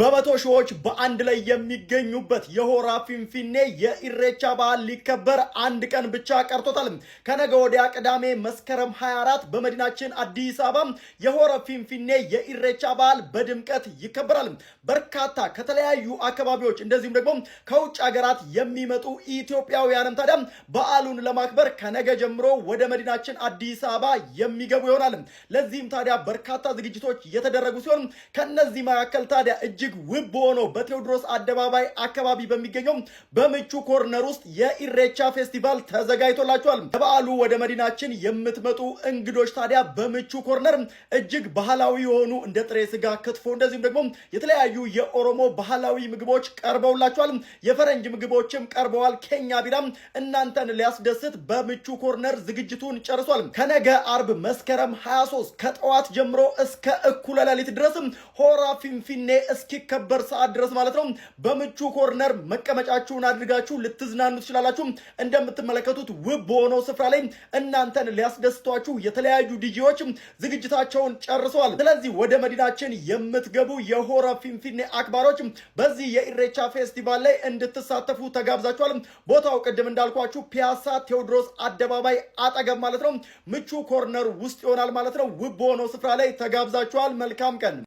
በመቶ ሺዎች በአንድ ላይ የሚገኙበት የሆራ ፊንፊኔ የኢሬቻ በዓል ሊከበር አንድ ቀን ብቻ ቀርቶታል። ከነገ ወዲያ ቅዳሜ መስከረም 24 በመዲናችን አዲስ አበባ የሆራ ፊንፊኔ የኢሬቻ በዓል በድምቀት ይከበራል። በርካታ ከተለያዩ አካባቢዎች እንደዚሁም ደግሞ ከውጭ ሀገራት የሚመጡ ኢትዮጵያውያንም ታዲያ በዓሉን ለማክበር ከነገ ጀምሮ ወደ መዲናችን አዲስ አበባ የሚገቡ ይሆናል። ለዚህም ታዲያ በርካታ ዝግጅቶች የተደረጉ ሲሆን ከነዚህ መካከል ታዲያ እጅ እጅግ ውብ በሆነው በቴዎድሮስ አደባባይ አካባቢ በሚገኘው በምቹ ኮርነር ውስጥ የኢሬቻ ፌስቲቫል ተዘጋጅቶላቸዋል። ለበዓሉ ወደ መዲናችን የምትመጡ እንግዶች ታዲያ በምቹ ኮርነር እጅግ ባህላዊ የሆኑ እንደ ጥሬ ስጋ ክትፎ፣ እንደዚሁም ደግሞ የተለያዩ የኦሮሞ ባህላዊ ምግቦች ቀርበውላቸዋል። የፈረንጅ ምግቦችም ቀርበዋል። ኬኛ ቢራም እናንተን ሊያስደስት በምቹ ኮርነር ዝግጅቱን ጨርሷል። ከነገ አርብ መስከረም 23 ከጠዋት ጀምሮ እስከ እኩለ ሌሊት ድረስም ሆራ ፊንፊኔ እስኪ እስኪከበር ሰዓት ድረስ ማለት ነው በምቹ ኮርነር መቀመጫችሁን አድርጋችሁ ልትዝናኑ ትችላላችሁ። እንደምትመለከቱት ውብ በሆነው ስፍራ ላይ እናንተን ሊያስደስቷችሁ የተለያዩ ዲጂዎች ዝግጅታቸውን ጨርሰዋል። ስለዚህ ወደ መዲናችን የምትገቡ የሆረ ፊንፊኔ አክባሮች በዚህ የኢሬቻ ፌስቲቫል ላይ እንድትሳተፉ ተጋብዛችኋል። ቦታው ቅድም እንዳልኳችሁ ፒያሳ ቴዎድሮስ አደባባይ አጠገብ ማለት ነው ምቹ ኮርነር ውስጥ ይሆናል ማለት ነው። ውብ በሆነው ስፍራ ላይ ተጋብዛችኋል። መልካም ቀን